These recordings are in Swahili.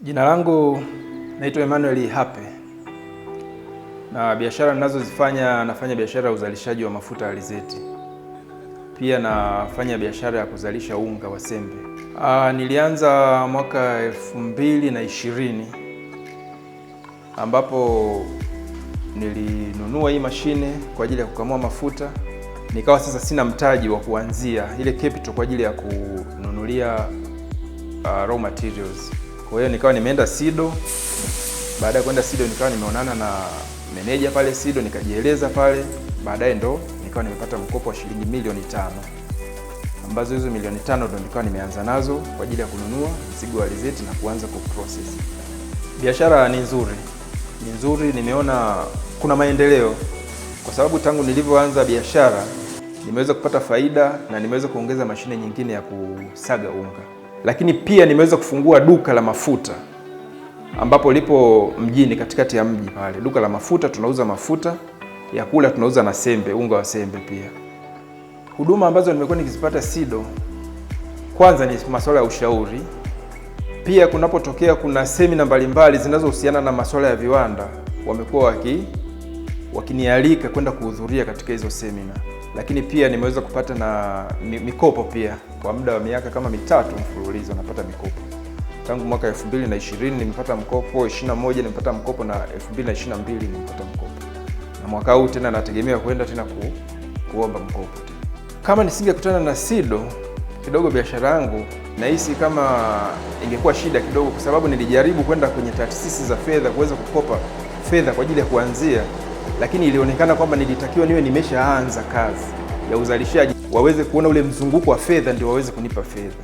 Jina langu naitwa Emmanuel hape na biashara ninazozifanya, nafanya biashara ya uzalishaji wa mafuta ya alizeti, pia nafanya biashara ya kuzalisha unga wa sembe. Aa, ah, nilianza mwaka elfu mbili na ishirini ambapo nilinunua hii mashine kwa ajili ya kukamua mafuta. Nikawa sasa sina mtaji wa kuanzia ile capital kwa ajili ya kununulia uh, raw materials kwa hiyo nikawa nimeenda SIDO. Baada ya kwenda SIDO nikawa nimeonana na meneja pale SIDO, nikajieleza pale, baadaye ndo nikawa nimepata mkopo wa shilingi milioni tano ambazo hizo milioni tano ndo nikawa nimeanza nazo kwa ajili ya kununua mzigo wa alizeti na kuanza kuprocess. Biashara ni nzuri, ni nzuri, nimeona kuna maendeleo kwa sababu tangu nilivyoanza biashara nimeweza kupata faida na nimeweza kuongeza mashine nyingine ya kusaga unga. Lakini pia nimeweza kufungua duka la mafuta ambapo lipo mjini, katikati ya mji pale, duka la mafuta. Tunauza mafuta ya kula, tunauza na sembe, unga wa sembe pia. Huduma ambazo nimekuwa nikizipata SIDO, kwanza ni masuala ya ushauri. Pia kunapotokea kuna semina mbalimbali zinazohusiana na masuala ya viwanda, wamekuwa waki wakinialika kwenda kuhudhuria katika hizo semina lakini pia nimeweza kupata na mikopo pia kwa muda wa miaka kama mitatu mfululizo napata mikopo. Tangu mwaka 2020 nimepata mkopo, 21 nimepata mkopo na 2022 nimepata mkopo, na mwaka huu tena nategemea kwenda tena ku, kuomba mkopo. Kama nisingekutana na SIDO kidogo, biashara yangu nahisi kama ingekuwa shida kidogo, kwa sababu nilijaribu kwenda kwenye taasisi za fedha kuweza kukopa fedha kwa ajili ya kuanzia lakini ilionekana kwamba nilitakiwa niwe nimeshaanza kazi ya uzalishaji, waweze kuona ule mzunguko wa fedha, ndio waweze kunipa fedha.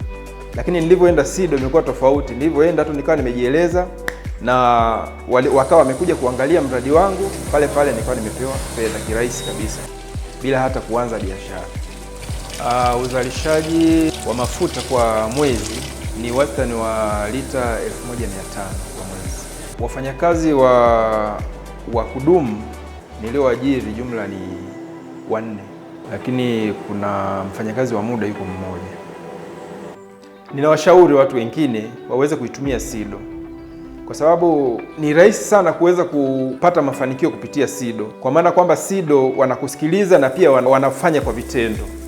Lakini nilivyoenda SIDO imekuwa tofauti. Nilivyoenda tu nikawa nimejieleza na wakawa wamekuja kuangalia mradi wangu pale pale, nikawa nimepewa fedha kirahisi kabisa bila hata kuanza biashara. Uh, uzalishaji wa mafuta kwa mwezi ni wastani wa lita 1500 kwa mwezi. Wafanyakazi wa wa kudumu nilioajiri jumla ni wanne, lakini kuna mfanyakazi wa muda yuko mmoja. Ninawashauri watu wengine waweze kuitumia SIDO kwa sababu ni rahisi sana kuweza kupata mafanikio kupitia SIDO, kwa maana kwamba SIDO wanakusikiliza na pia wanafanya kwa vitendo.